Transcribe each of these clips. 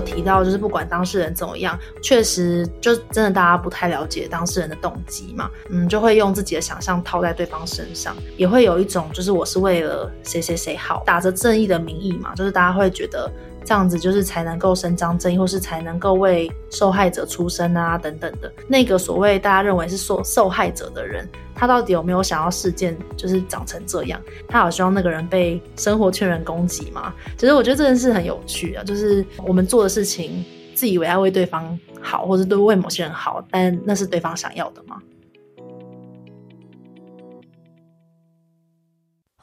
提到就是不管當事人怎麼樣，確實就真的大家不太了解當事人的動機嘛，嗯，就會用自己的想象套在對方身上，也會有一種就是我是為了誰誰誰好，打着正義的名義嘛，就是大家會覺得這樣子就是才能夠伸張正義，或是才能夠為受害者出聲啊等等的，那個所謂大家認為是受受害者的人。他到底有沒有想要事件就是長成這樣？他好希望那個人被生活圈人攻擊嗎？其實我覺得這件事很有趣啊，就是我們做的事情，自以為要為對方好，或者都為某些人好，但那是對方想要的嗎？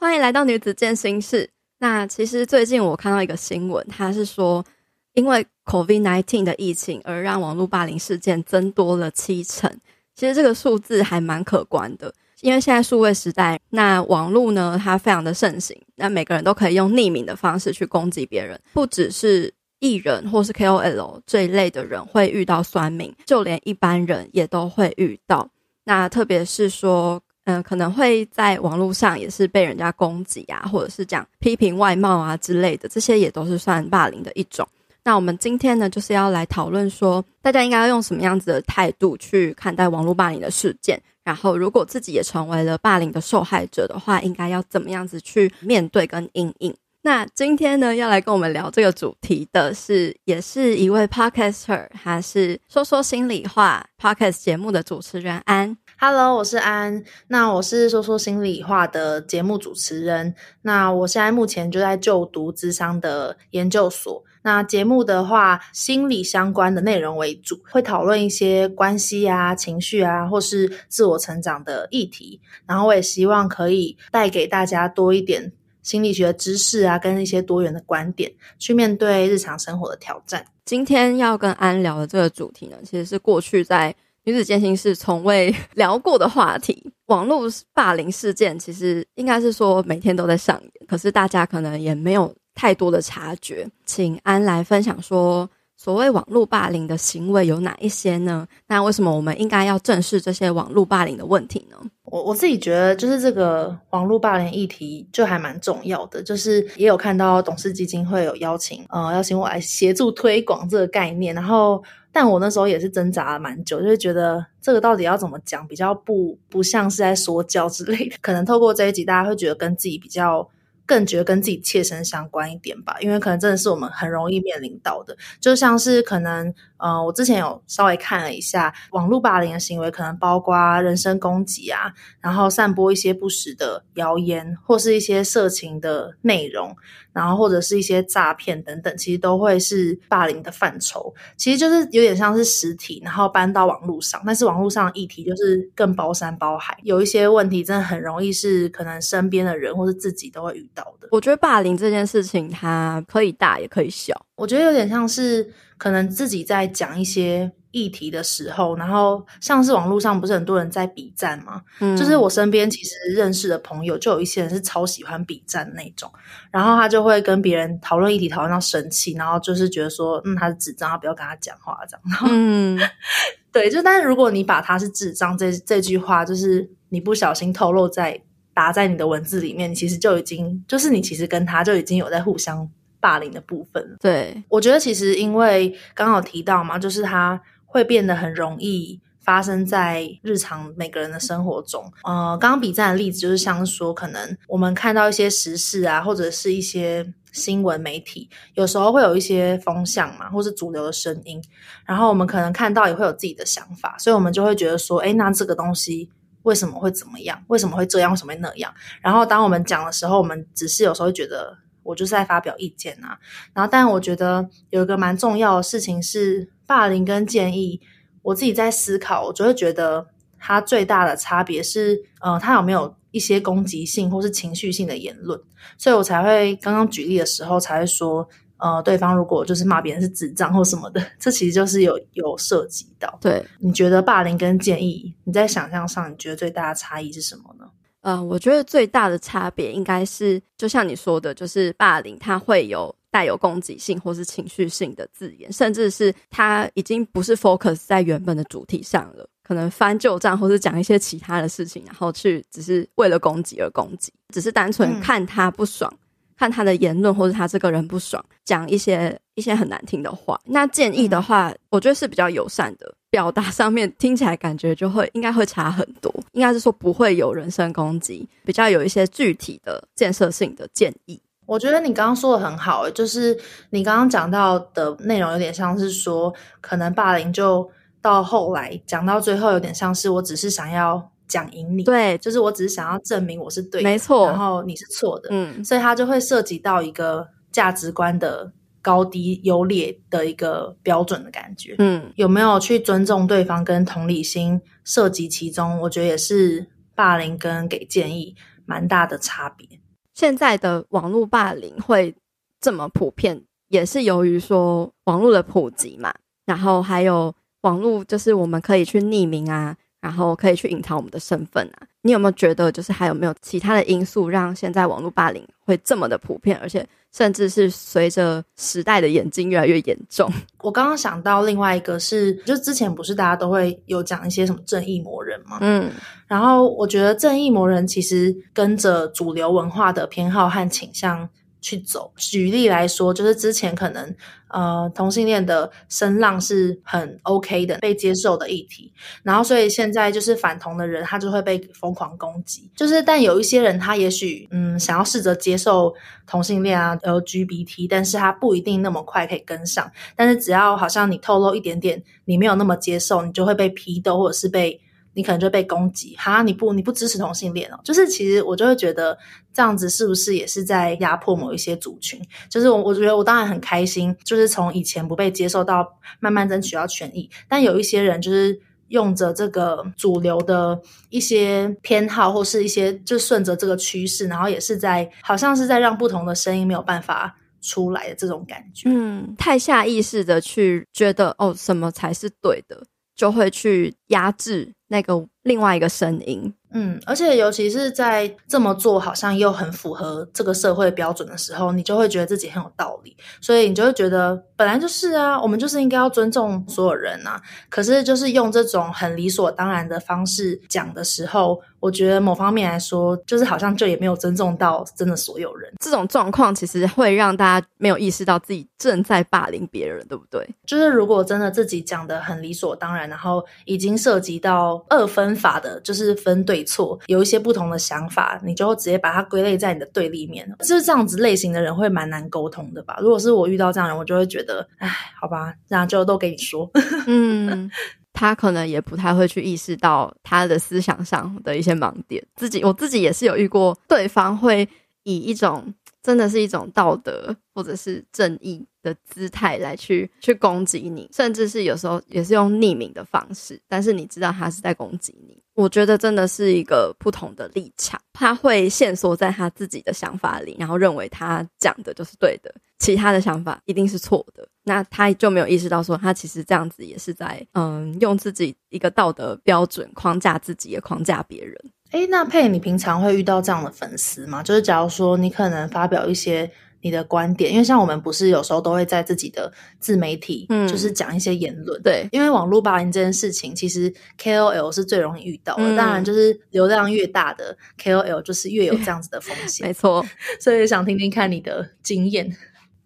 歡迎來到女子健心室。那其實最近我看到一個新聞，他是說因為 COVID-19 的疫情而讓網絡霸凌事件增多了七成。其實這個數字還蠻可觀的，因為現在數位時代，那網絡呢，它非常的盛行，那每個人都可以用匿名的方式去攻擊別人，不只是藝人或是 KOL 這一類的人會遇到酸民，就連一般人也都會遇到。那特別是說，嗯、呃，可能會在網絡上也是被人家攻擊啊，或者是講批評外貌啊之類的，這些也都是算霸凌的一種。那我們今天呢，就是要來討論說，大家應該要用什麼樣子的態度去看待網絡霸凌的事件。然後，如果自己也成為了霸凌的受害者的話，應該要怎麼樣子去面對跟因應？那今天呢，要來跟我們聊這個主題的是，也是一位 podcaster，還是說說心理話 podcast 節目的主持人安。Hello，我是安。那我是說說心理話的節目主持人。那我現在目前就在就讀諮商的研究所。那節目的話，心理相關的內容為主，會討論一些關係啊、情緒啊，或是自我成長的議題。然後我也希望可以帶給大家多一點心理學的知識啊，跟一些多元的觀點，去面對日常生活的挑戰。今天要跟安聊的這個主題呢，其實是過去在女子健心室從未聊過的話題。網絡霸凌事件其實應該是說每天都在上演，可是大家可能也沒有。太多的察覺，請安來分享說，所謂網路霸凌的行為有哪一些呢？那為什麼我們應該要正視這些網路霸凌的問題呢？我我自己覺得，就是這個網路霸凌議題就還蠻重要的，就是也有看到董氏基金會有邀請，呃、邀請我來協助推廣這個概念。然後，但我那時候也是掙扎了蠻久，就是覺得這個到底要怎麼講，比較不不像是在說教之類的。可能透過這一集，大家會覺得跟自己比較。更覺得跟自己切身相關一點吧，因為可能真的是我們很容易面臨到的，就像是可能，呃，我之前有稍微看了一下網絡霸凌的行為，可能包括人身攻擊啊，然後散播一些不實的謠言，或是一些色情的內容，然後或者是一些詐騙等等，其實都會是霸凌的範疇。其實就是有點像是實體，然後搬到網絡上，但是網絡上的議題就是更包山包海，有一些問題真的很容易是可能身邊的人或是自己都會遇。我覺得霸凌這件事情，它可以大也可以小。我覺得有點像是可能自己在講一些議題的時候，然後像是網絡上不是很多人在筆戰嗎？嗯，就是我身邊其實認識的朋友，就有一些人是超喜歡筆戰那種，然後他就會跟別人討論議題，討論到生氣，然後就是覺得說，嗯，他是智障，不要跟他講話這樣。嗯， 對，就但是如果你把他是智障這這句話，就是你不小心透露在。打在你的文字裡面，其實就已經就是你其實跟他就已經有在互相霸凌的部分，對，我覺得其實因為剛好提到嘛，就是他會變得很容易發生在日常每個人的生活中。呃，剛剛筆戰的例子就是像是說，可能我們看到一些時事啊，或者是一些新聞媒體，有時候會有一些風向嘛，或是主流的聲音，然後我們可能看到也會有自己的想法，所以我們就會覺得說，哎，那這個東西。為什麼會怎麼樣？為什麼會這樣？為什麼會那樣？然後當我們講的時候，我們只是有時候會覺得我就是在發表意見啊。然後，但我覺得有一個蠻重要的事情是，霸凌跟建議，我自己在思考，我就會覺得它最大的差別是，嗯、呃，它有沒有一些攻擊性或是情緒性的言論。所以我才會剛剛舉例的時候，才會說。呃，對方如果就是罵別人是智障或什麼的，這其實就是有有涉及到。對，你覺得霸凌跟建議，你在想象上你覺得最大的差異是什麼呢？呃，我覺得最大的差別應該是，就像你說的，就是霸凌它會有帶有攻擊性或是情緒性的字眼，甚至是它已經不是 focus 在原本的主題上了，可能翻舊賬或是講一些其他的事情，然後去只是為了攻擊而攻擊，只是單純看他不爽。嗯。看他的言論，或者他這個人不爽，講一些一些很難聽的話。那建議的話，嗯、我覺得是比較友善的，表達上面聽起來感覺就會應該會差很多。應該是說不會有人身攻擊，比較有一些具體的建設性的建議。我覺得你剛剛說的很好、欸，就是你剛剛講到的內容有點像是說，可能霸凌就到後來講到最後，有點像是我只是想要。講贏你，對，就是我只是想要證明我是對的，沒錯，然後你是錯的，嗯，所以它就會涉及到一個價值觀的高低優劣的一個標準的感覺，嗯，有沒有去尊重對方跟同理心涉及其中？我覺得也是霸凌跟給建議蠻大的差別。現在的網絡霸凌會這麼普遍，也是由於說網絡的普及嘛，然後還有網絡就是我們可以去匿名啊。然後可以去隱藏我們的身份啊！你有沒有覺得，就是還有沒有其他的因素讓現在網絡霸凌會這麼的普遍，而且甚至是隨着時代的演進越來越嚴重？我剛剛想到另外一個是，就之前不是大家都會有講一些什麼正義魔人嗎？嗯，然後我覺得正義魔人其實跟着主流文化的偏好和傾向去走，舉例來說，就是之前可能呃同性戀的聲浪是很 OK 的，被接受的議題，然後所以現在就是反同的人，他就會被瘋狂攻擊。就是但有一些人，他也許嗯想要試着接受同性戀啊，呃 LGBT，但是他不一定那麼快可以跟上。但是只要好像你透露一點點，你沒有那麼接受，你就會被批鬥或者是被。你可能就被攻擊哈？你不你不支持同性戀哦？就是其實我就會覺得這樣子是不是也是在壓迫某一些族群？就是我我覺得我當然很開心，就是從以前不被接受到慢慢爭取到權益，但有一些人就是用着這個主流的一些偏好，或是一些就順着這個趨勢，然後也是在好像是在讓不同的聲音沒有辦法出來的這種感覺。嗯，太下意識的去覺得哦，什麼才是對的，就會去壓制。那個另外一個聲音，嗯，而且尤其是在這麼做好像又很符合這個社會標準的時候，你就會覺得自己很有道理，所以你就會覺得。本來就是啊，我們就是應該要尊重所有人啊。可是就是用這種很理所當然的方式講的時候，我覺得某方面來說，就是好像就也沒有尊重到真的所有人。這種狀況其實會讓大家沒有意識到自己正在霸凌別人，對不對？就是如果真的自己講的很理所當然，然後已經涉及到二分法的，就是分對錯，有一些不同的想法，你就直接把它歸類在你的對立面。是不是這樣子類型的人會蠻難溝通的吧？如果是我遇到這樣的人，我就會覺得。的唉，好吧，那就都給你說。 嗯，他可能也不太會去意識到他的思想上的一些盲點。自己，我自己也是有遇過對方會以一種真的是一種道德或者是正義的姿態來去去攻擊你，甚至是有時候也是用匿名的方式，但是你知道他是在攻擊你。我覺得真的是一個不同的立場，他會限縮在他自己的想法裡，然後認為他講的就是對的，其他的想法一定是錯的。那他就沒有意識到說，他其實這樣子也是在，嗯，用自己一個道德標準框架自己，也框架別人。哎，那佩，你平常會遇到這樣的粉絲嗎？就是假如說你可能發表一些。你的觀點，因為像我們不是有時候都會在自己的自媒體，嗯，就是講一些言論，對，因為網絡霸凌這件事情，其實 KOL 是最容易遇到的，嗯、當然就是流量越大的 KOL 就是越有這樣子的風險，嗯、 沒錯，所以想聽聽看你的經驗。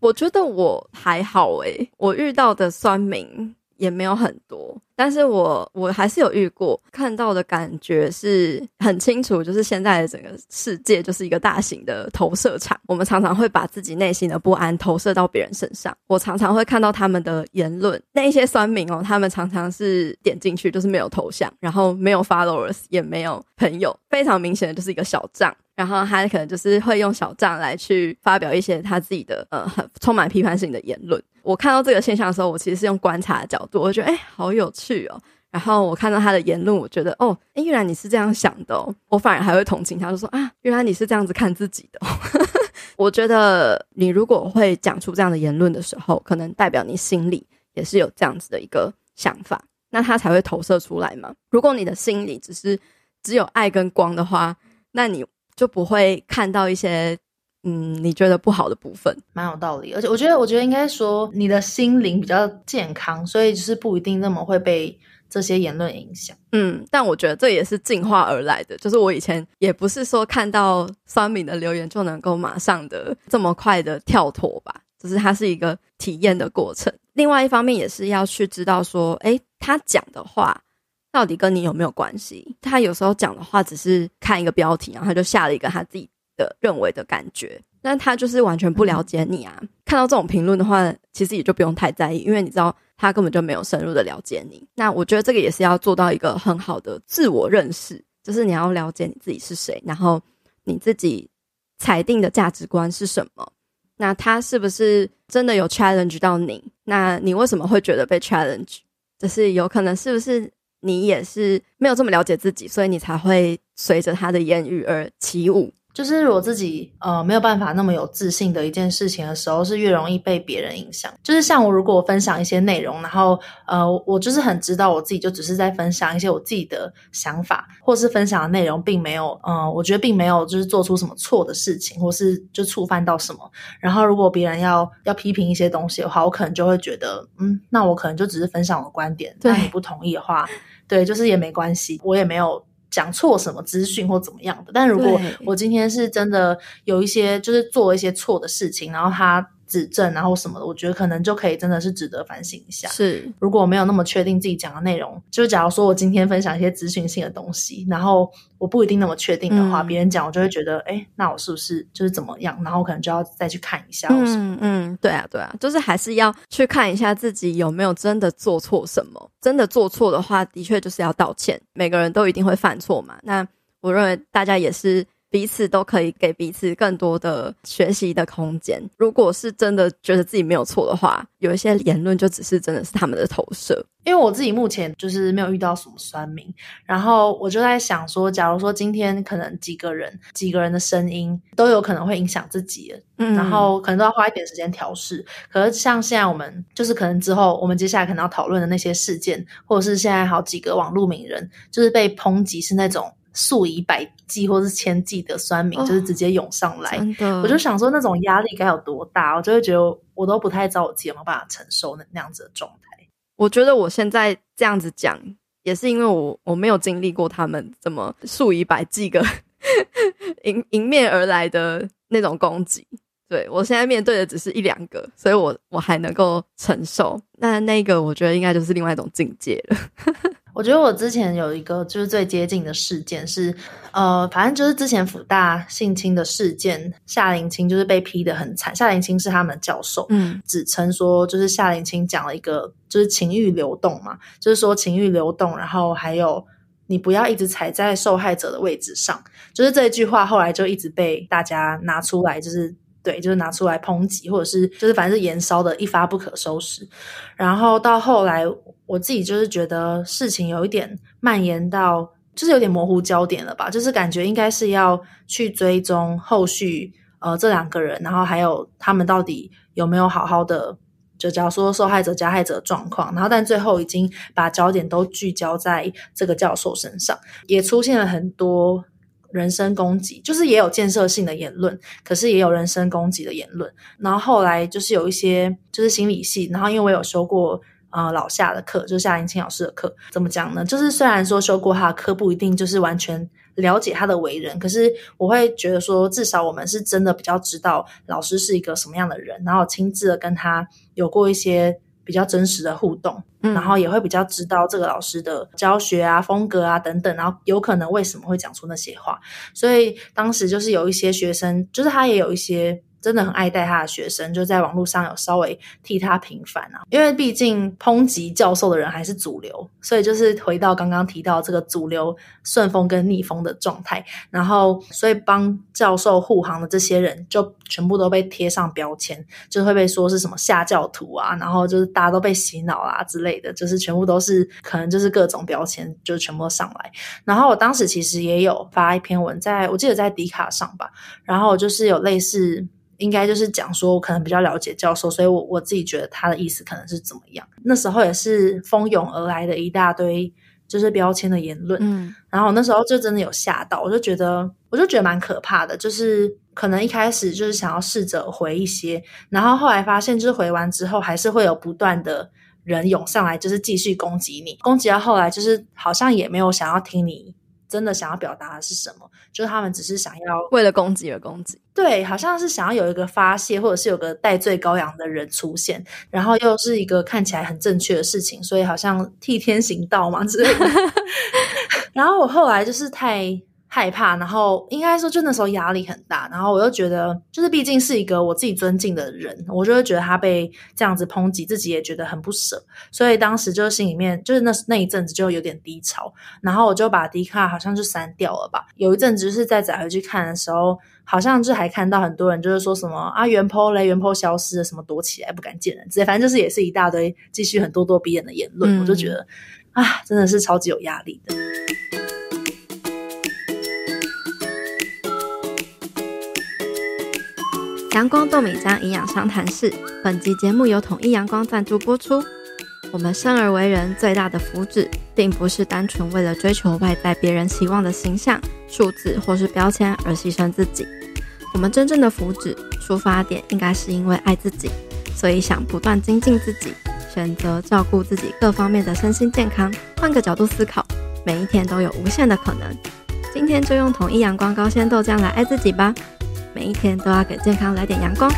我覺得我還好誒、欸、我遇到的酸民。也沒有很多，但是我我還是有遇過，看到的感覺是很清楚，就是現在的整個世界就是一個大型的投射場。我們常常會把自己內心的不安投射到別人身上，我常常會看到他們的言論，那一些酸民哦，他們常常是點進去就是沒有頭像，然後沒有 followers，也沒有朋友，非常明顯的就是一個小帳。然後他可能就是會用小賬來去發表一些他自己的呃，很充滿批判性的言論。我看到這個現象的時候，我其實是用觀察的角度，我覺得哎，好有趣哦。然後我看到他的言論，我覺得哦，哎，原來你是這樣想的哦。我反而還會同情他，就說啊，原來你是這樣子看自己的哦。 我覺得你如果會講出這樣的言論的時候，可能代表你心裡也是有這樣子的一個想法，那他才會投射出來嘛。如果你的心裡只是只有愛跟光的話，那你。就不會看到一些嗯，你覺得不好的部分。蠻有道理。而且我覺得，我覺得應該說你的心靈比較健康，所以就是不一定那麼會被這些言論影響。嗯，但我覺得這也是進化而來的。就是我以前也不是說看到酸民的留言就能夠馬上的這麼快的跳脫吧，只，就是它是一個體驗的過程。另外一方面也是要去知道說，哎、欸，他講的話。到底跟你有沒有關係？他有時候講的話，只是看一個標題，然後他就下了一個他自己的認為的感覺，那他就是完全不了解你啊。嗯。看到這種評論的話，其實也就不用太在意，因為你知道他根本就沒有深入的了解你。那我覺得這個也是要做到一個很好的自我認識，就是你要了解你自己是誰，然後你自己裁定的價值觀是什麼。那他是不是真的有 challenge 到你？那你為什麼會覺得被 challenge？就是有可能，是不是？你也是沒有這麼了解自己，所以你才會隨着他的言語而起舞。就是我自己呃沒有辦法那麼有自信的一件事情的時候，是越容易被別人影響。就是像我，如果我分享一些內容，然後呃我就是很知道我自己就只是在分享一些我自己的想法，或是分享的內容並沒有呃我覺得並沒有就是做出什麼錯的事情，或是就觸犯到什麼。然後如果別人要要批評一些東西的話，我可能就會覺得嗯，那我可能就只是分享我的觀點，那你不同意的話。對，就是也沒關係，我也沒有講錯什麼資訊或怎麼樣的。但如果我今天是真的有一些，就是做一些錯的事情，然後他。指正，然後什麼的，我覺得可能就可以真的是值得反省一下。是，如果我沒有那麼確定自己講的內容，就假如說我今天分享一些諮詢性的東西，然後我不一定那麼確定的話，嗯、別人講我就會覺得，誒，那我是不是就是怎麼樣？然後可能就要再去看一下。嗯嗯，對啊對啊，就是還是要去看一下自己有沒有真的做錯什麼。真的做錯的話，的確就是要道歉。每個人都一定會犯錯嘛。那我認為大家也是。彼此都可以給彼此更多的學習的空間。如果是真的覺得自己沒有錯的話，有一些言論就只是真的是他們的投射。因為我自己目前就是沒有遇到什麼酸民，然後我就在想說，假如說今天可能幾個人、幾個人的聲音都有可能會影響自己，嗯，然後可能都要花一點時間調試。可是像現在我們就是可能之後我們接下來可能要討論的那些事件，或者是現在好幾個網絡名人就是被抨擊是那種，數以百計或是千計的酸民，哦、就是直接湧上來，我就想說那種壓力該有多大，我就會覺得我都不太知道我自己有沒有辦法承受那那樣子的狀態。我覺得我現在這樣子講，也是因為我我沒有經歷過他們怎麼數以百計個 迎迎面而來的那種攻擊。對，我現在面對的只是一兩個，所以我我還能夠承受。那那個，我覺得應該就是另外一種境界了。 我覺得我之前有一個就是最接近的事件是，呃，反正就是之前輔大性侵的事件，夏林清就是被批得很慘。夏林清是他們的教授，嗯，指稱說就是夏林清講了一個就是情欲流動嘛，就是說情欲流動，然後還有你不要一直踩在受害者的位置上，就是這一句話後來就一直被大家拿出來，就是。對，就是拿出來抨擊，或者是就是反正是燒，是延燒的一發不可收拾。然後到後來，我自己就是覺得事情有一點蔓延到，就是有點模糊焦點了吧。就是感覺應該是要去追蹤後續，呃，這兩個人，然後還有他們到底有沒有好好的，就假如說受害者、加害者的狀況。然後但最後已經把焦點都聚焦在這個教授身上，也出現了很多。人身攻擊就是也有建設性的言論，可是也有人身攻擊的言論。然後後來就是有一些就是心理系，然後因為我有修過呃老夏的課，就是夏林清老師的課，怎麼講呢？就是雖然說修過他的課不一定就是完全了解他的為人，可是我會覺得說至少我們是真的比較知道老師是一個什麼樣的人，然後親自的跟他有過一些。比較真實的互動，然後也會比較知道這個老師的教學啊、風格啊等等，然後有可能為什麼會講出那些話。所以當時就是有一些學生，就是他也有一些。真的很愛戴他的學生，就在網絡上有稍微替他平反啊。因為畢竟抨擊教授的人還是主流，所以就是回到剛剛提到這個主流順風跟逆風的狀態。然後，所以幫教授護航的這些人就全部都被貼上標籤，就會被說是什麼下教徒啊，然後就是大家都被洗腦啦、啊、之類的，就是全部都是可能就是各種標籤，就全部上來。然後我當時其實也有發一篇文在，在我記得在迪卡上吧，然後就是有類似。應該就是講說，我可能比較了解教授，所以我我自己覺得他的意思可能是怎麼樣。那時候也是蜂擁而來的一大堆，就是標籤的言論。嗯，然後那時候就真的有嚇到，我就覺得，我就覺得蠻可怕的。就是可能一開始就是想要試着回一些，然後後來發現，就是回完之後還是會有不斷的人湧上來，就是繼續攻擊你，攻擊到後來就是好像也沒有想要聽你。真的想要表達的是什麼？就是他們只是想要為了攻擊而攻擊，對，好像是想要有一個發洩，或者是有個戴罪羔羊的人出現，然後又是一個看起來很正確的事情，所以好像替天行道嘛之類的。 然後我後來就是太害怕，然後應該說，就那時候壓力很大，然後我又覺得，就是畢竟是一個我自己尊敬的人，我就會覺得他被這樣子抨擊，自己也覺得很不捨，所以當時就心裡面就是那那一陣子就有點低潮，然後我就把 D 卡好像就刪掉了吧，有一陣子是在再回去看的時候，好像就還看到很多人就是說什麼啊，原剖嘞，原剖消失了，什麼躲起來不敢見人之類，反正就是也是一大堆繼續很咄咄逼人的言論，嗯，我就覺得啊，真的是超級有壓力的。陽光豆米漿營養商談室，本集節目由統一陽光贊助播出。我們生而為人最大的福祉，並不是單純為了追求外在別人希望的形象、數字或是標籤而犧牲自己。我們真正的福祉出發點，應該是因為愛自己，所以想不斷精進自己，選擇照顧自己各方面的身心健康。換個角度思考，每一天都有無限的可能。今天就用統一陽光高纖豆漿來愛自己吧。每一天都要給健康來點陽光。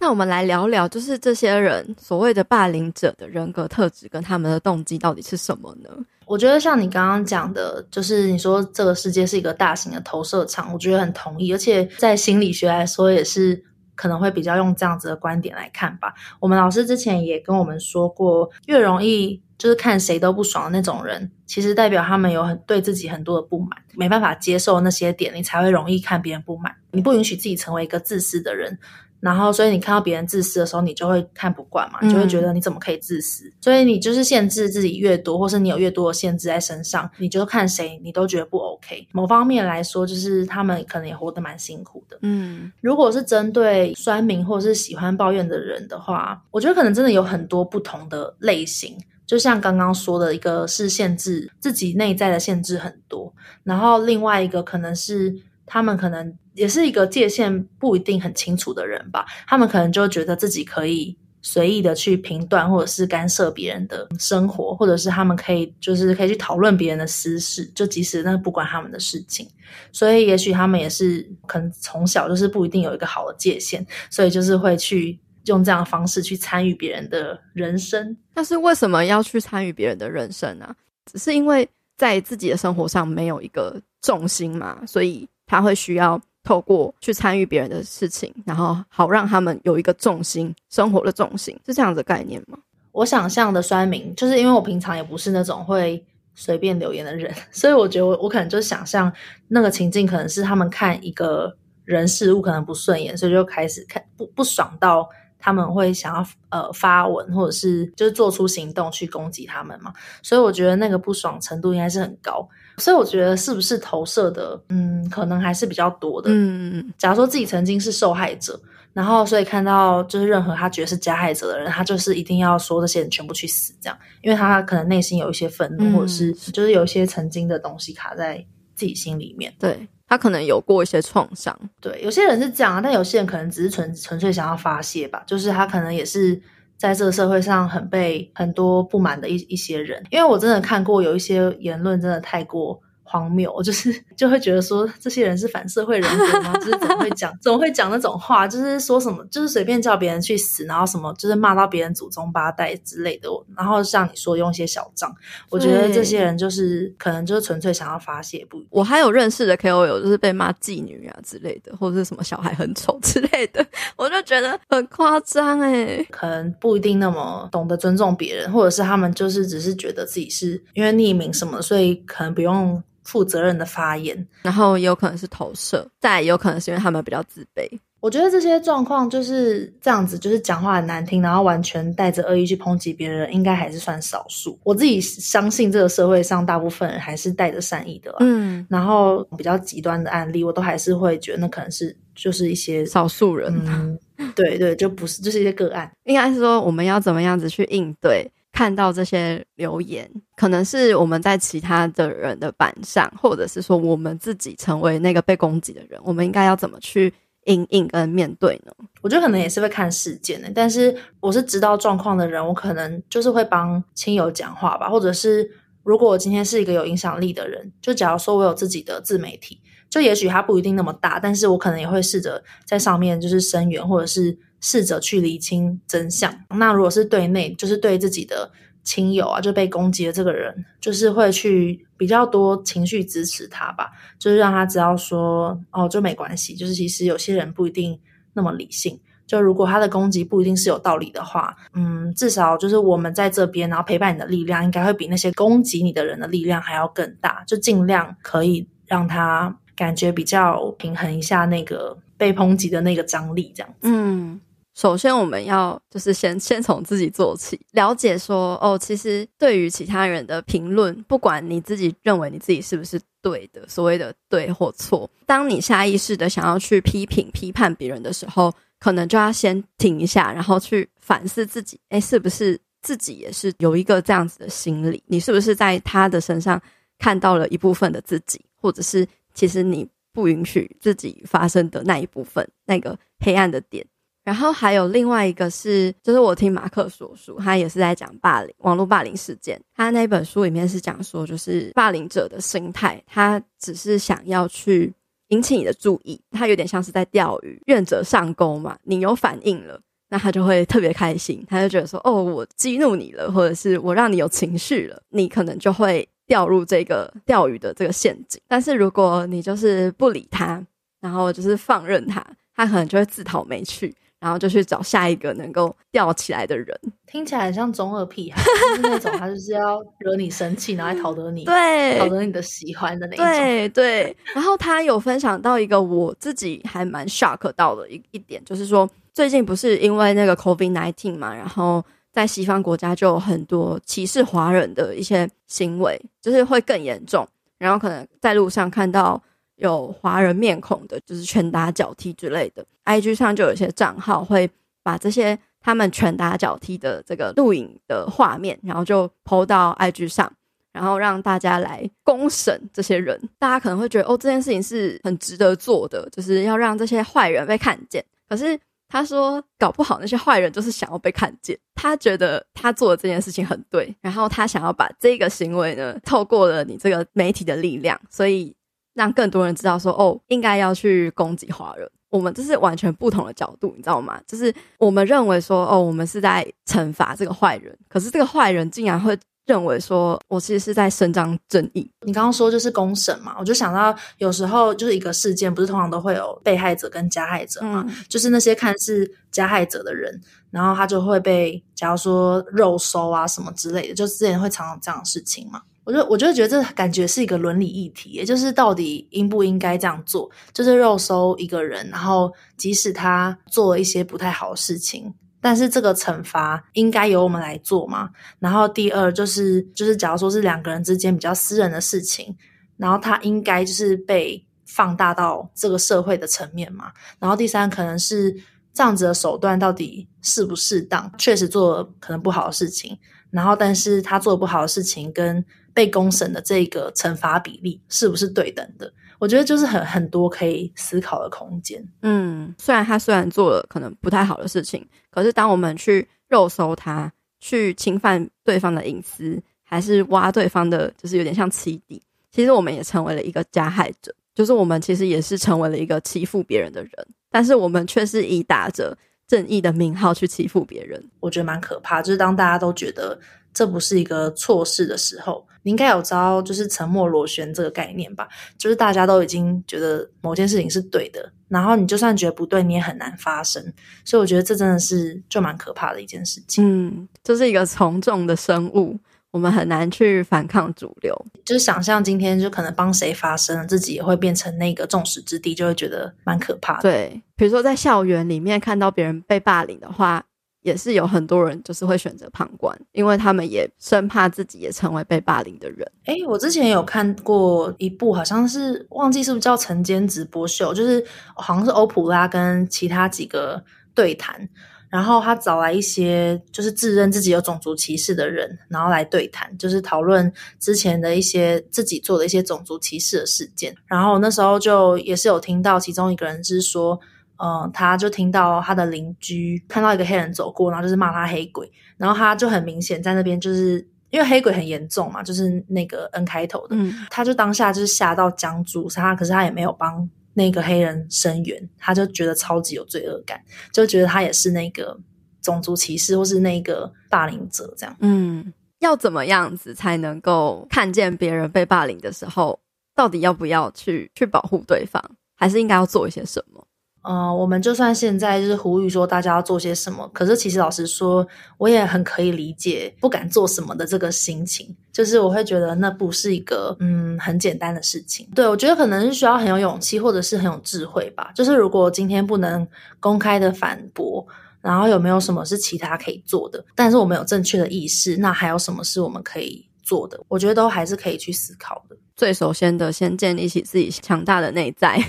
那我們來聊聊，就是這些人所謂的霸凌者的人格特質跟他們的動機到底是什麼呢？我覺得像你剛剛講的，就是你說這個世界是一個大型的投射場，我覺得很同意，而且在心理學來說也是可能會比較用這樣子的觀點來看吧。我們老師之前也跟我們說過，越容易。就是看誰都不爽的那種人，其實代表他們有很對自己很多的不滿，沒辦法接受那些點，你才會容易看別人不滿。你不允許自己成為一個自私的人，然後所以你看到別人自私的時候，你就會看不慣嘛，就會覺得你怎麼可以自私。嗯。所以你就是限制自己越多，或是你有越多的限制在身上，你就看誰你都覺得不 OK。某方面來說，就是他們可能也活得蠻辛苦的。嗯，如果是針對酸民或是喜歡抱怨的人的話，我覺得可能真的有很多不同的類型。就像剛剛說的，一個是限制，自己內在的限制很多，然後另外一個可能是他們可能也是一個界限不一定很清楚的人吧，他們可能就覺得自己可以隨意的去評斷或者是干涉別人的生活，或者是他們可以就是可以去討論別人的私事，就即使那不關他們的事情，所以也許他們也是可能從小就是不一定有一個好的界限，所以就是會去。用這樣的方式去參與別人的人生，但是為什麼要去參與別人的人生呢、啊？只是因為在自己的生活上沒有一個重心嘛，所以他會需要透過去參與別人的事情，然後好讓他們有一個重心，生活的重心是這樣子的概念嗎？我想象的酸民，就是因為我平常也不是那種會隨便留言的人，所以我覺得我我可能就是想象那個情境，可能是他們看一個人事物可能不順眼，所以就開始看不不爽到。他們會想要呃發文，或者是就是做出行動去攻擊他們嘛，所以我覺得那個不爽程度應該是很高。所以我覺得是不是投射的，嗯，可能還是比較多的。嗯嗯嗯。假如說自己曾經是受害者，然後所以看到就是任何他覺得是加害者的人，他就是一定要說這些人全部去死這樣，因為他可能內心有一些憤怒，嗯，或者是就是有一些曾經的東西卡在自己心裡面。對。他可能有過一些創傷，對，有些人是這樣啊，但有些人可能只是純純粹想要發洩吧，就是他可能也是在這個社會上很被很多不滿的一一些人，因為我真的看過有一些言論真的太過，荒謬，我就是就會覺得說，這些人是反社會人格嗎？然就是怎麼會講 怎麼會講那種話，就是說什麼就是隨便叫別人去死，然後什麼就是罵到別人祖宗八代之類的。然後像你說用一些小賬，我覺得這些人就是可能就是純粹想要發洩不。我還有認識的 KOL 就是被罵妓女啊之類的，或者是什麼小孩很醜之類的，我就覺得很誇張哎、欸。可能不一定那麼懂得尊重別人，或者是他們就是只是覺得自己是因為匿名什麼，所以可能不用負責任的發言，然後也有可能是投射，再也有可能是因為他們比較自卑。我覺得這些狀況就是這樣子，就是講話很難聽，然後完全帶着惡意去抨擊別人，應該還是算少數。我自己相信這個社會上大部分人還是帶着善意的啊，嗯。然後比較極端的案例，我都還是會覺得那可能是就是一些少數人啊，嗯、對，對對，就不是就是一些個案。 應該是說我們要怎麼樣子去應對？看到這些留言，可能是我們在其他的人的板上，或者是說我們自己成為那個被攻擊的人，我們應該要怎麼去因應跟面對呢？我覺得可能也是會看事件的，但是我是知道狀況的人，我可能就是會幫親友講話吧，或者是如果我今天是一個有影響力的人，就假如說我有自己的自媒體，就也許它不一定那麼大，但是我可能也會試着在上面就是聲援，或者是。試着去理清真相。那如果是對內，就是對自己的親友啊，就被攻擊的這個人，就是會去比較多情緒支持他吧，就是讓他知道說，哦，就沒關係。就是其實有些人不一定那麼理性。就如果他的攻擊不一定是有道理的話，嗯，至少就是我們在這邊，然後陪伴你的力量，應該會比那些攻擊你的人的力量還要更大。就盡量可以讓他感覺比較平衡一下那個被抨擊的那個張力，這樣子，嗯。首先，我們要就是先先從自己做起，了解說哦，其實對於其他人的評論，不管你自己認為你自己是不是對的，所謂的對或錯，當你下意識的想要去批評、批判別人的時候，可能就要先停一下，然後去反思自己，誒，是不是自己也是有一個這樣子的心理？你是不是在他的身上看到了一部分的自己，或者是其實你不允許自己發生的那一部分那個黑暗的點？然後還有另外一個是，就是我聽馬克說書，他也是在講霸凌、網絡霸凌事件。他那本書裡面是講說，就是霸凌者的心態，他只是想要去引起你的注意，他有點像是在釣魚，願者上鈎嘛。你有反應了，那他就會特別開心，他就覺得說：“哦，我激怒你了，或者是我讓你有情緒了，你可能就會掉入這個釣魚的這個陷阱。”但是如果你就是不理他，然後就是放任他，他可能就會自討沒趣。然後就去找下一個能夠吊起來的人，聽起來很像中二屁孩那種， 他就是要惹你生氣，然後來討得你，對，討得你的喜歡的那一種。對對。然後他有分享到一個我自己還蠻 shock 到的一一點， 就是說最近不是因為那個 COVID-19 嘛，然後在西方國家就有很多歧視華人的一些行為，就是會更嚴重。然後可能在路上看到。有華人面孔的，就是拳打腳踢之類的。IG 上就有一些賬號會把這些他們拳打腳踢的這個錄影的畫面，然後就 po 到 IG 上，然後讓大家來公審這些人。大家可能會覺得，哦，這件事情是很值得做的，就是要讓這些壞人被看見。可是他說，搞不好那些壞人就是想要被看見。他覺得他做的這件事情很對，然後他想要把這個行為呢，透過了你這個媒體的力量，所以。讓更多人知道說，說哦，應該要去攻擊華人。我們這是完全不同的角度，你知道嗎？就是我們認為說，哦，我們是在懲罰這個壞人，可是這個壞人竟然會認為說，我其實是在伸張正義。你剛剛說就是公審嘛，我就想到有時候就是一個事件，不是通常都會有被害者跟加害者嘛、嗯，就是那些看似加害者的人，然後他就會被，假如說肉搜啊什麼之類的，就是之前會常常這樣的事情嘛。我就我就覺得這感覺是一個倫理議題，也就是到底應不應該這樣做？就是肉搜一個人，然後即使他做了一些不太好的事情，但是這個懲罰應該由我們來做嗎？然後第二就是就是，假如說是兩個人之間比較私人的事情，然後他應該就是被放大到這個社會的層面嘛？然後第三可能是這樣子的手段到底適不適當？確實做了可能不好的事情，然後但是他做了不好的事情跟被公審的這個懲罰比例是不是對等的？我覺得就是很很多可以思考的空間。嗯，雖然他雖然做了可能不太好的事情，可是當我們去肉搜他，去侵犯對方的隱私，還是挖對方的，就是有點像起底。其實我們也成為了一個加害者，就是我們其實也是成為了一個欺負別人的人，但是我們卻是以打着正義的名號去欺負別人。我覺得蠻可怕，就是當大家都覺得。這不是一個錯事的時候，你應該有招，就是沉默螺旋這個概念吧，就是大家都已經覺得某件事情是對的，然後你就算覺得不對，你也很難發聲。所以我覺得這真的是就蠻可怕的一件事情。嗯，這、就是一個從眾的生物，我們很難去反抗主流。就是想象今天就可能幫誰發聲，自己也會變成那個眾矢之的，就會覺得蠻可怕的。對，比如說在校園裡面看到別人被霸凌的話。也是有很多人就是會選擇旁觀，因為他們也生怕自己也成為被霸凌的人。誒，我之前有看過一部，好像是忘記是不是叫《晨間直播秀》，就是好像是歐普拉跟其他幾個對談，然後他找來一些就是自認自己有種族歧視的人，然後來對談，就是討論之前的一些自己做的一些種族歧視的事件。然後那時候就也是有聽到其中一個人是說。嗯，他就聽到他的鄰居看到一個黑人走過，然後就是罵他黑鬼，然後他就很明顯在那邊，就是因為黑鬼很嚴重嘛，就是那個 N 開頭的，嗯、他就當下就是嚇到僵住，他可是他也沒有幫那個黑人聲援，他就覺得超級有罪惡感，就覺得他也是那個種族歧視或是那個霸凌者這樣。嗯，要怎麼樣子才能夠看見別人被霸凌的時候，到底要不要去去保護對方，還是應該要做一些什麼？呃，我們就算現在就是呼籲說大家要做些什麼，可是其實老實說，我也很可以理解不敢做什麼的這個心情。就是我會覺得那不是一個嗯很簡單的事情。對，我覺得可能是需要很有勇氣，或者是很有智慧吧。就是如果今天不能公開的反駁，然後有沒有什麼是其他可以做的？但是我們有正確的意識，那還有什麼是我們可以做的？我覺得都還是可以去思考的。最首先的先，先建立起自己強大的內在。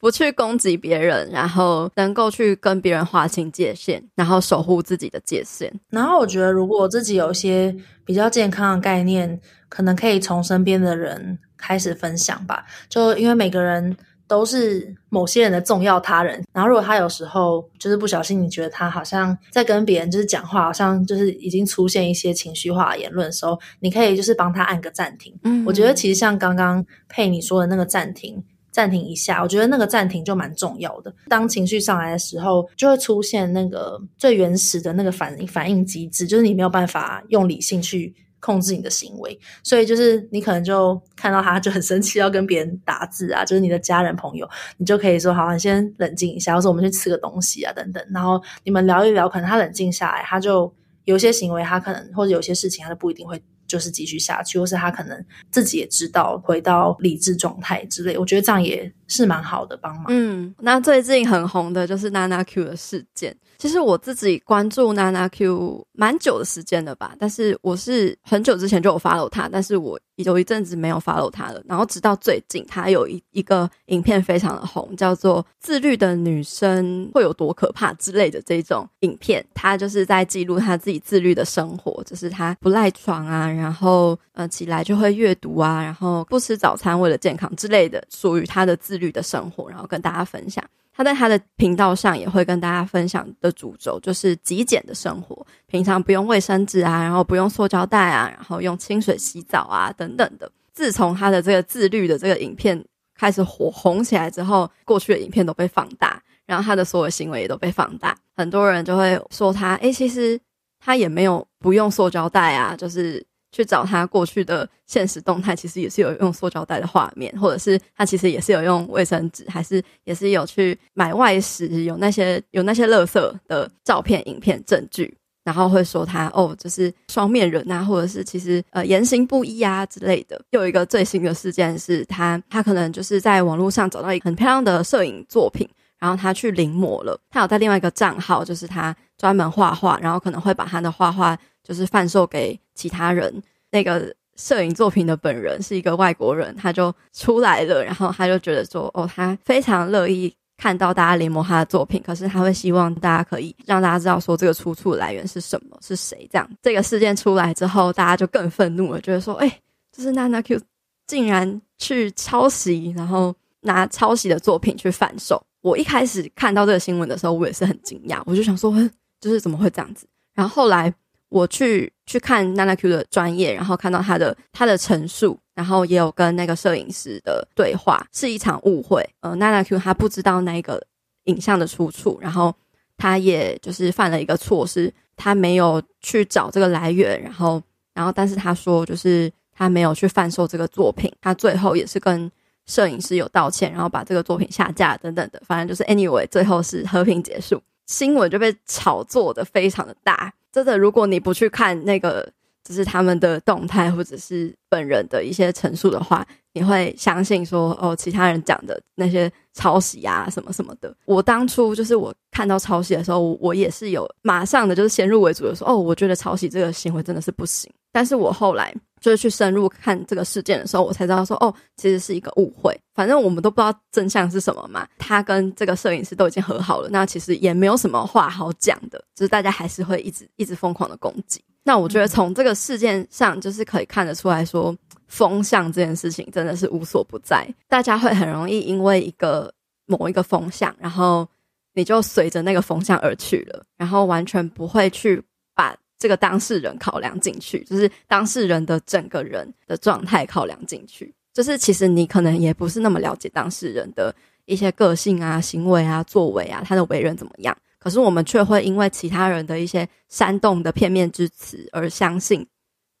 不去攻擊別人，然後能夠去跟別人劃清界限，然後守護自己的界限。然後我覺得，如果自己有一些比較健康的概念，可能可以從身邊的人開始分享吧。就因為每個人都是某些人的重要他人。然後如果他有時候就是不小心，你覺得他好像在跟別人就是講話，好像就是已經出現一些情緒化言論的時候，你可以就是幫他按個暫停。嗯，嗯，我覺得其實像剛剛佩佩說的那個暫停。暫停一下，我覺得那個暫停就蠻重要的。當情緒上來的時候，就會出現那個最原始的那個反反應機制，就是你沒有辦法用理性去控制你的行為，所以就是你可能就看到他就很生氣，要跟別人打字啊，就是你的家人朋友，你就可以說：“好，你先冷靜一下，或者我們去吃個東西啊，等等。”然後你們聊一聊，可能他冷靜下來，他就有些行為，他可能或者有些事情，他就不一定會。就是繼續下去，或是他可能自己也知道回到理智狀態之類，我覺得這樣也是蠻好的幫忙。嗯，那最近很紅的就是娜娜 Q 的事件。其實我自己關注娜娜 Q 蠻久的時間了吧，但是我是很久之前就有 follow 她，但是我有一陣子沒有 follow 她了。然後直到最近，她有一一個影片非常的紅，叫做《自律的女生會有多可怕》之類的這種影片，她就是在記錄她自己自律的生活，就是她不賴床啊，然後呃起來就會閱讀啊，然後不吃早餐為了健康之類的，屬於她的自律的生活，然後跟大家分享。他在他的頻道上也會跟大家分享的主軸就是極簡的生活，平常不用衛生紙啊，然後不用塑膠袋啊，然後用清水洗澡啊等等的。自從他的這個自律的這個影片開始火紅起來之後，過去的影片都被放大，然後他的所有行為也都被放大。很多人就會說他，哎，其實他也沒有不用塑膠袋啊，就是。去找他過去的現實動態，其實也是有用塑膠袋的畫面，或者是他其實也是有用衛生紙，還是也是有去買外食，有那些有那些垃圾的照片、影片、證據，然後會說他哦，就是雙面人啊，或者是其實呃言行不一啊之類的。又有一個最新的事件是他，他他可能就是在網絡上找到一個很漂亮的攝影作品，然後他去臨摹了。他有在另外一個賬號，就是他專門畫畫，然後可能會把他的畫畫就是販售給其他人，那個攝影作品的本人是一個外國人，他就出來了，然後他就覺得說：“哦，他非常樂意看到大家臨摹他的作品，可是他會希望大家可以讓大家知道說這個出處來源是什麼，是誰。”這樣，這個事件出來之後，大家就更憤怒了，覺得說：“哎、欸，就是 Nana Q 竟然去抄襲，然後拿抄襲的作品去販售。”我一開始看到這個新聞的時候，我也是很驚訝，我就想說：“就是怎麼會這樣子？”然後後來。我去去看 Nana Q 的專業，然後看到他的他的陳述，然後也有跟那個攝影師的對話，是一場誤會。呃，Nana Q 他不知道那個影像的出處，然後他也就是犯了一個錯，是他沒有去找這個來源，然後然後但是他說就是他沒有去販售這個作品，他最後也是跟攝影師有道歉，然後把這個作品下架等等的，反正就是 anyway，最後是和平結束。新聞就被炒作的非常的大，真的，如果你不去看那個，就是他們的動態或者是本人的一些陳述的話，你會相信說，哦，其他人講的那些抄襲啊什麼什麼的。我當初就是我看到抄襲的時候我，我也是有馬上的就是先入為主的時候哦，我覺得抄襲這個行為真的是不行。但是我後來。就是去深入看這個事件的時候，我才知道說，哦，其實是一個誤會。反正我們都不知道真相是什麼嘛。他跟這個攝影師都已經和好了，那其實也沒有什麼話好講的。就是大家還是會一直一直瘋狂的攻擊。那我覺得從這個事件上，就是可以看得出來說，風向這件事情真的是無所不在。大家會很容易因為一個某一個風向，然後你就隨着那個風向而去了，然後完全不會去把。這個當事人考量進去，就是當事人的整個人的狀態考量進去，就是其實你可能也不是那麼了解當事人的一些個性啊、行為啊、作為啊，他的為人怎麼樣，可是我們卻會因為其他人的一些煽動的片面之詞而相信。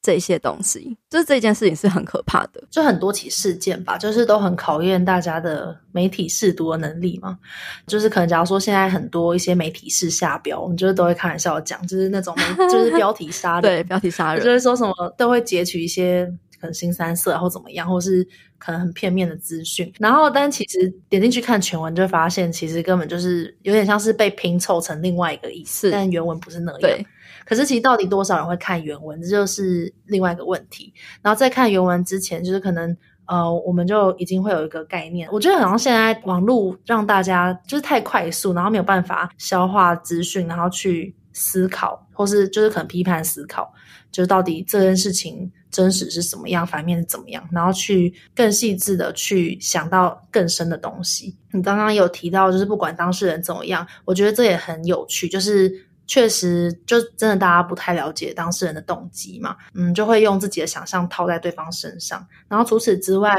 這些東西，就是這件事情是很可怕的。就很多起事件吧，就是都很考驗大家的媒體識讀的能力嘛。就是可能，假如說現在很多一些媒體試下標，我們就是都會開玩笑講，就是那種就是標題殺人， 對，標題殺人，就是說什麼都會截取一些可能新三色或怎麼樣，或是可能很片面的資訊。然後，但其實點進去看全文，就發現其實根本就是有點像是被拼湊成另外一個意思，但原文不是那樣。可是，其實到底多少人會看原文，這就是另外一個問題。然後在看原文之前，就是可能呃，我們就已經會有一個概念。我覺得好像現在網絡讓大家就是太快速，然後沒有辦法消化資訊，然後去思考，或是就是可能批判思考，就是到底這件事情真實是怎麼樣，反面是怎麼樣，然後去更細緻的去想到更深的東西。你剛剛有提到，就是不管當事人怎麼樣，我覺得這也很有趣，就是。確實，就真的大家不太了解當事人的動機嘛，嗯，就會用自己的想象套在對方身上。然後除此之外，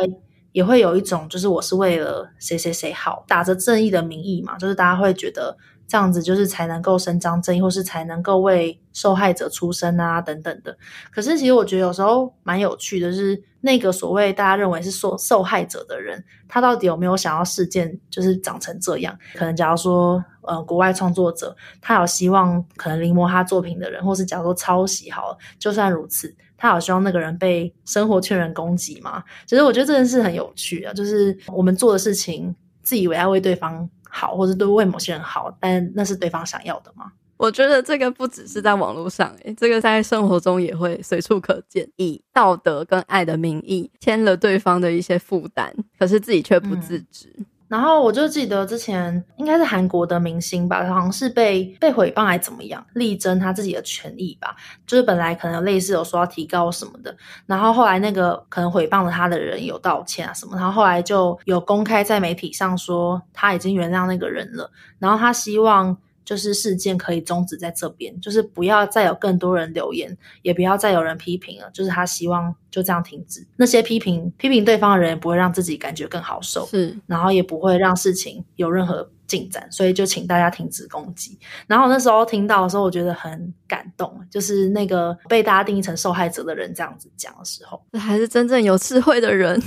也會有一種就是我是為了誰誰誰好，打着正義的名義嘛，就是大家會覺得。這樣子就是才能夠伸張正義，或是才能夠為受害者出聲啊，等等的。可是其實我覺得有時候蠻有趣的是，是那個所謂大家認為是受受害者的人，他到底有沒有想要事件就是長成這樣？可能假如說，呃，國外創作者，他有希望可能臨摹他作品的人，或是假如說抄襲，好了，就算如此，他有希望那個人被生活圈人攻擊嗎？其實我覺得這件事很有趣啊，就是我們做的事情，自以為要為對方。好，或者都為某些人好，但那是對方想要的嗎？我覺得這個不只是在網絡上，哎，這個在生活中也會隨處可見，以道德跟愛的名義，添了對方的一些負擔，可是自己卻不自知。嗯然後我就記得之前應該是韓國的明星吧，好像是被被毀謗還怎麼樣，力爭他自己的權益吧。就是本來可能有類似有說要提高什麼的，然後後來那個可能毀謗了他的人有道歉啊什麼，然後後來就有公開在媒體上說他已經原諒那個人了，然後他希望。就是事件可以終止在這邊，就是不要再有更多人留言，也不要再有人批評了。就是他希望就這樣停止。那些批評批評對方的人，也不會讓自己感覺更好受，是，然後也不會讓事情有任何進展。所以就請大家停止攻擊。然後那時候聽到的時候，我覺得很感動。就是那個被大家定義成受害者的人這樣子講的時候，還是真正有智慧的人。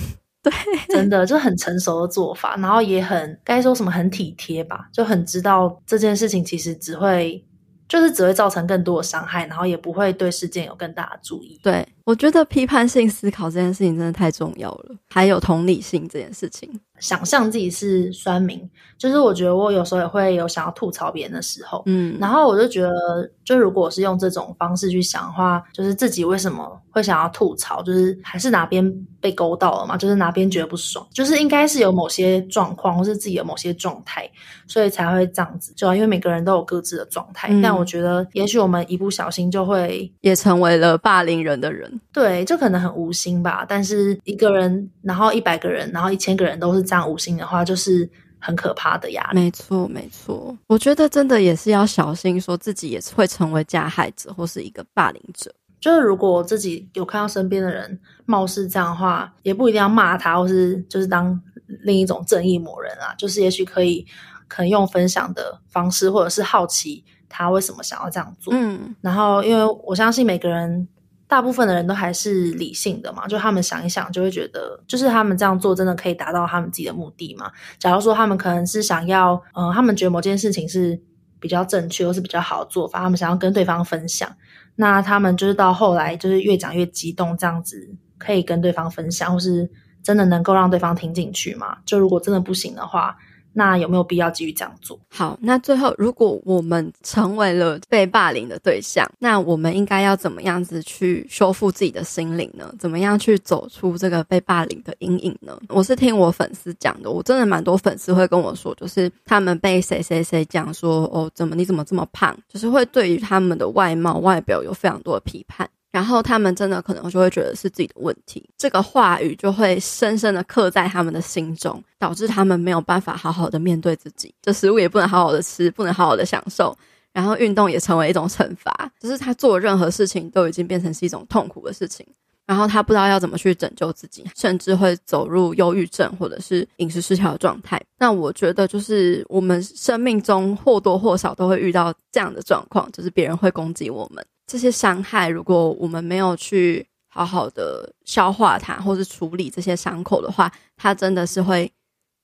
對，真的，就很成熟的做法，然後也很，該說什麼很體貼吧，就很知道這件事情其實只會，就是只會造成更多的傷害，然後也不會對事件有更大的注意。對。我覺得批判性思考這件事情真的太重要了，還有同理心這件事情。想象自己是酸民，就是我覺得我有時候也會有想要吐槽別人的時候，嗯，然後我就覺得，就如果我是用這種方式去想的話，就是自己為什麼會想要吐槽，就是還是哪邊被勾到了嘛，就是哪邊覺得不爽，就是應該是有某些狀況或是自己的某些狀態，所以才會這樣子。就、啊、因為每個人都有各自的狀態、嗯，但我覺得，也許我們一不小心就會也成為了霸凌人的人。對，就可能很無心吧。但是一個人，然後一百個人，然後一千個人都是這樣無心的話，就是很可怕的呀。沒錯，沒錯。我覺得真的也是要小心，說自己也是會成為加害者或是一個霸凌者。就是如果自己有看到身邊的人貌似這樣的話，也不一定要罵他，或是就是當另一種正義魔人啊。就是也許可以，可能用分享的方式，或者是好奇他為什麼想要這樣做。嗯，然後因為我相信每個人。大部分的人都還是理性的嘛，就他們想一想，就會覺得，就是他們這樣做真的可以達到他們自己的目的嗎？假如說他們可能是想要，呃，他們覺得某件事情是比較正確，或是比較好的做法，他們想要跟對方分享，那他們就是到後來就是越講越激動，這樣子可以跟對方分享，或是真的能夠讓對方聽進去嗎？就如果真的不行的話。那有沒有必要繼續這樣做？好，那最後，如果我們成為了被霸凌的對象，那我們應該要怎麼樣子去修復自己的心靈呢？怎麼樣去走出這個被霸凌的陰影呢？我是聽我粉絲講的，我真的蠻多粉絲會跟我說，就是他們被誰誰誰講說，哦，怎麼你怎麼這麼胖，就是會對於他們的外貌、外表有非常多的批判。然後他們真的可能就會覺得是自己的問題，這個話語就會深深的刻在他們的心中，導致他們沒有辦法好好的面對自己，這食物也不能好好的吃，不能好好的享受，然後運動也成為一種懲罰，就是他做任何事情都已經變成是一種痛苦的事情，然後他不知道要怎麼去拯救自己，甚至會走入憂鬱症或者是飲食失調的狀態。那我覺得就是我們生命中或多或少都會遇到這樣的狀況，就是別人會攻擊我們。這些傷害，如果我們沒有去好好的消化它，或是處理這些傷口的話，它真的是會，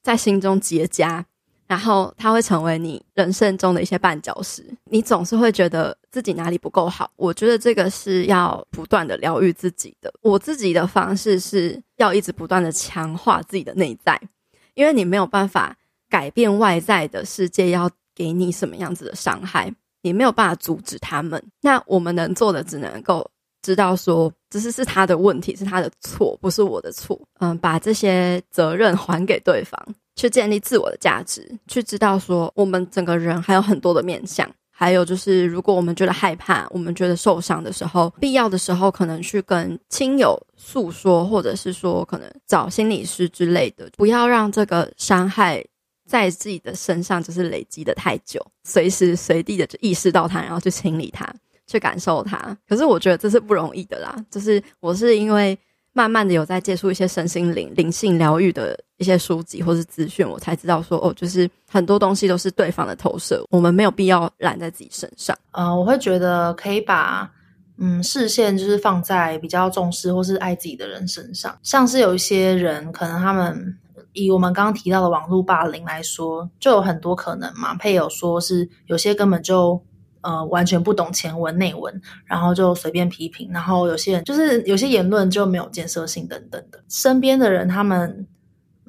在心中結痂，然後它會成為你人生中的一些絆腳石。你總是會覺得自己哪裡不夠好。我覺得這個是要不斷的療癒自己的。我自己的方式是要一直不斷的強化自己的內在，因為你沒有辦法改變外在的世界要給你什麼樣子的傷害。你沒有辦法阻止他們，那我們能做的只能夠知道說，這是是他的問題，是他的錯，不是我的錯。嗯，把這些責任還給對方，去建立自我的價值，去知道說，我們整個人還有很多的面向。還有就是，如果我們覺得害怕，我們覺得受傷的時候，必要的時候可能去跟親友訴說，或者是說可能找心理師之類的，不要讓這個傷害。在自己的身上，就是累積的太久，隨時隨地的就意識到它，然後去清理它，去感受它。可是我覺得這是不容易的啦。就是我是因為慢慢的有在接觸一些身心靈、靈性療癒的一些書籍或是資訊，我才知道說哦，就是很多東西都是對方的投射，我們沒有必要攬在自己身上。呃，我會覺得可以把嗯視線就是放在比較重視或是愛自己的人身上，像是有一些人可能他們。以我們剛剛提到的網絡霸凌來說，就有很多可能嘛。配偶說是有些根本就呃完全不懂前文內文，然後就隨便批評，然後有些人就是有些言論就沒有建設性等等的，身邊的人他們。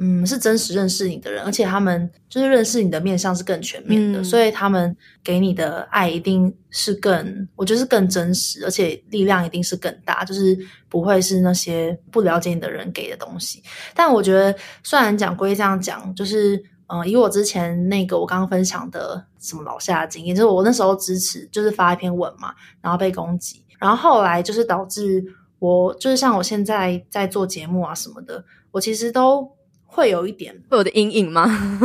嗯，是真實認識你的人，而且他們就是認識你的面相是更全面的，嗯，所以他們給你的愛一定是更，我覺得是更真實，而且力量一定是更大，就是不會是那些不了解你的人給的東西。但我覺得，雖然講歸這樣講，就是嗯，呃，以我之前那個我剛剛分享的什麼老夏的經驗，就是我那時候支持就是發一篇文嘛，然後被攻擊，然後後來就是導致我就是像我現在在做節目啊什麼的，我其實都。會有一點會有的陰影嗎？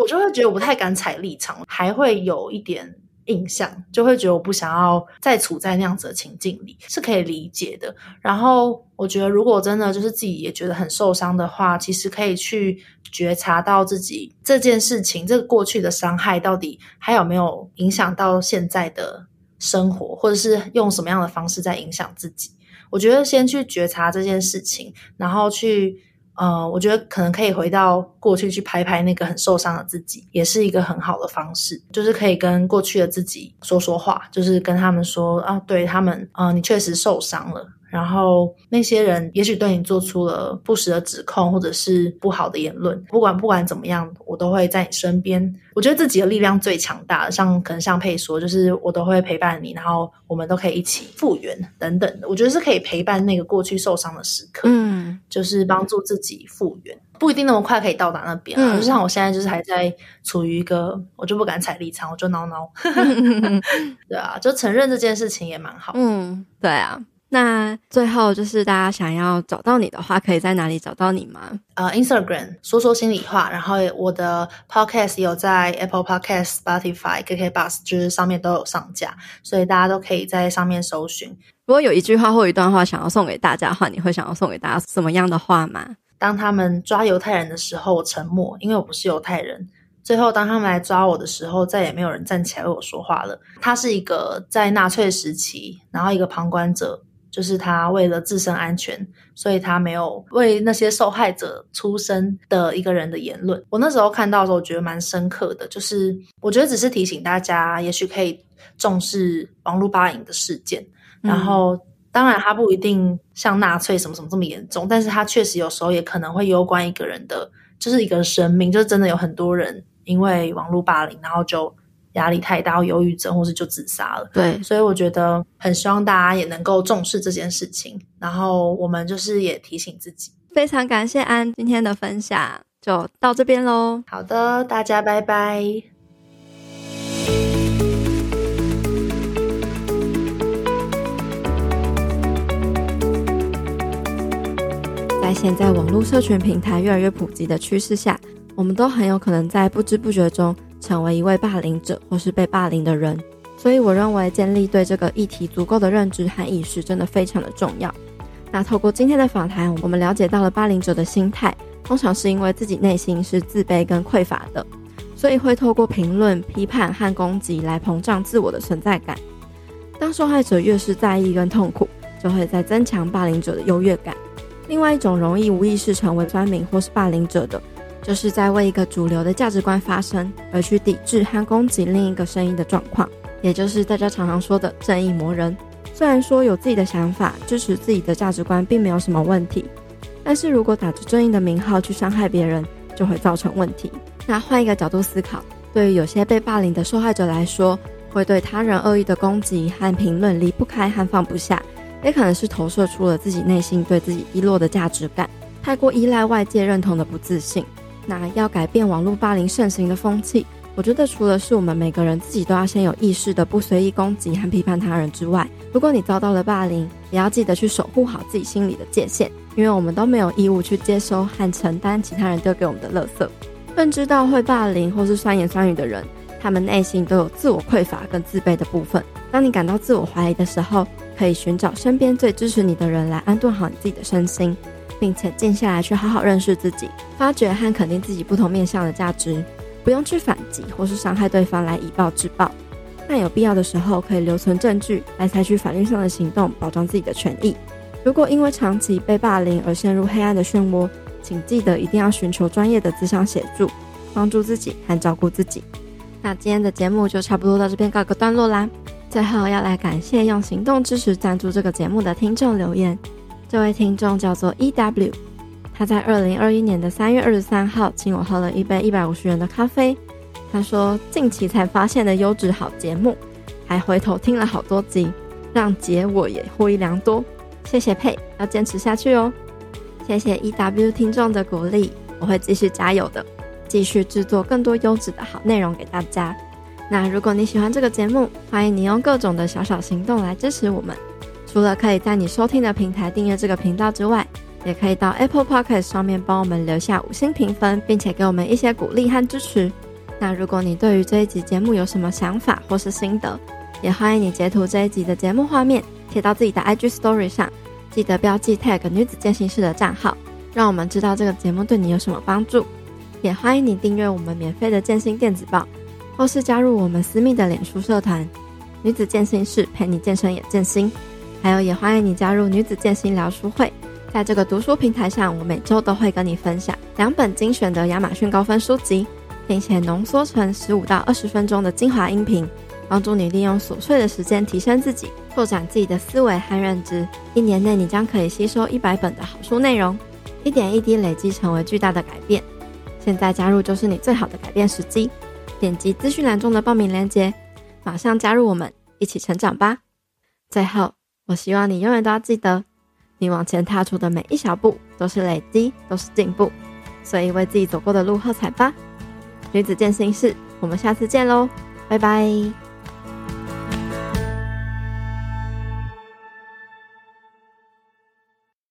我就會覺得我不太敢踩立場，還會有一點印象，就會覺得我不想要再處在那樣子的情境裡，是可以理解的。然後我覺得，如果真的就是自己也覺得很受傷的話，其實可以去覺察到自己這件事情，這個過去的傷害到底還有沒有影響到現在的生活，或者是用什麼樣的方式在影響自己。我覺得先去覺察這件事情，然後去。呃，我覺得可能可以回到過去去拍拍那個很受傷的自己，也是一個很好的方式。就是可以跟過去的自己說說話，就是跟他們說啊，對他們啊、呃，你確實受傷了。然後那些人也許對你做出了不實的指控或者是不好的言論，不管不管怎麼樣，我都會在你身邊。我覺得自己的力量最強大的，像可能像佩說，就是我都會陪伴你，然後我們都可以一起復原等等的。我覺得是可以陪伴那個過去受傷的時刻。嗯就是幫助自己復原，嗯，不一定那麼快可以到達那邊啊，嗯。就像我現在就是還在處於一個，我就不敢踩立場，我就撓撓。 對啊，就承認這件事情也蠻好。嗯，對啊。那最後，就是大家想要找到你的話，可以在哪裡找到你嗎？呃、uh，Instagram 說說心理話，然後我的 Podcast 有在 Apple Podcast、Spotify、KK Bus 就是上面都有上架，所以大家都可以在上面搜尋。如果有一句話或一段話想要送給大家的話，你會想要送給大家什麼樣的話嗎？當他們抓猶太人的時候，我沉默，因為我不是猶太人。最後，當他們來抓我的時候，再也沒有人站起來為我說話了。他是一個在納粹時期，然後一個旁觀者。就是他為了自身安全，所以他沒有為那些受害者出聲的一個人的言論。我那時候看到的時候，我覺得蠻深刻的。就是我覺得只是提醒大家，也許可以重視網路霸凌的事件。然後，當然他不一定像納粹什麼什麼這麼嚴重，但是他確實有時候也可能會攸關一個人的，就是一個生命。就是真的有很多人因為網路霸凌，然後就。壓力太大，憂鬱症，或是就自殺了。對，所以我覺得很希望大家也能夠重視這件事情，然後我們就是也提醒自己。非常感謝安今天的分享，就到這邊嘍。好的，大家拜拜。在現在網絡社群平台越來越普及的趨勢下，我們都很有可能在不知不覺中。成為一位霸凌者或是被霸凌的人，所以我認為建立對這個議題足夠的認知和意識真的非常的重要。那透過今天的訪談，我們了解到了霸凌者的心態，通常是因為自己內心是自卑跟匱乏的，所以會透過評論、批判和攻擊來膨脹自我的存在感。當受害者越是在意跟痛苦，就會再增強霸凌者的優越感。另外一種容易無意識成為酸民或是霸凌者的。就是在為一個主流的價值觀發聲，而去抵制和攻擊另一個聲音的狀況，也就是大家常常說的“正義魔人”。雖然說有自己的想法，支持自己的價值觀並沒有什麼問題，但是如果打着正義的名號去傷害別人，就會造成問題。那換一個角度思考，對於有些被霸凌的受害者來說，會對他人惡意的攻擊和評論離不開和放不下，也可能是投射出了自己內心對自己低落的價值感，太過依賴外界認同的不自信。那要改變網絡霸凌盛行的風氣，我覺得除了是我們每個人自己都要先有意識的不隨意攻擊和批判他人之外，如果你遭到了霸凌，也要記得去守護好自己心裡的界限，因為我們都沒有義務去接收和承擔其他人丟給我們的垃圾。更知道會霸凌或是酸言酸語的人，他們內心都有自我匱乏跟自卑的部分。當你感到自我懷疑的時候，可以尋找身邊最支持你的人來安頓好你自己的身心。並且靜下來，去好好認識自己，發掘和肯定自己不同面向的價值，不用去反擊或是傷害對方來以暴制暴，但有必要的時候可以留存證據來採取法律上的行動，保障自己的權益。如果因為長期被霸凌而陷入黑暗的漩渦，請記得一定要尋求專業的諮商協助，幫助自己和照顧自己。那今天的節目就差不多到這邊告個段落啦。最後要來感謝用行動支持贊助這個節目的聽眾留言。這位聽眾叫做 E W，他在二零二一年的三月二十三號請我喝了一杯一百五十元的咖啡。他說，近期才發現的優質好節目，還回頭聽了好多集，讓姐我也獲益良多。謝謝佩，要堅持下去哦。謝謝 E W 聽眾的鼓勵，我會繼續加油的，繼續製作更多優質的好內容給大家。那如果你喜歡這個節目，歡迎你用各種的小小行動來支持我們。除了可以在你收聽的平台訂閱這個頻道之外，也可以到 Apple Podcast 上面幫我們留下五星評分，並且給我們一些鼓勵和支持。那如果你對於這一集節目有什麼想法或是心得，也歡迎你截圖這一集的節目畫面貼到自己的 IG Story 上，記得標記 tag 女子健心室的賬號，讓我們知道這個節目對你有什麼幫助。也歡迎你訂閱我們免費的健心電子報，或是加入我們私密的臉書社團“女子健心室”，陪你健身也健心。還有，也歡迎你加入女子健心療書會。在這個讀書平台上，我每周都會跟你分享兩本精選的亞馬遜高分書籍，並且濃縮成十五到二十分鐘的精華音頻，幫助你利用瑣碎的時間提升自己，拓展自己的思維和認知。一年內，你將可以吸收一百本的好書內容，一點一滴累積成為巨大的改變。現在加入就是你最好的改變時機。點擊資訊欄中的報名鏈接，馬上加入我們一起成長吧。最後。我希望你永遠都要記得，你往前踏出的每一小步都是累積，都是進步，所以為自己走過的路喝彩吧！女子健心室，我們下次見嘍，拜拜。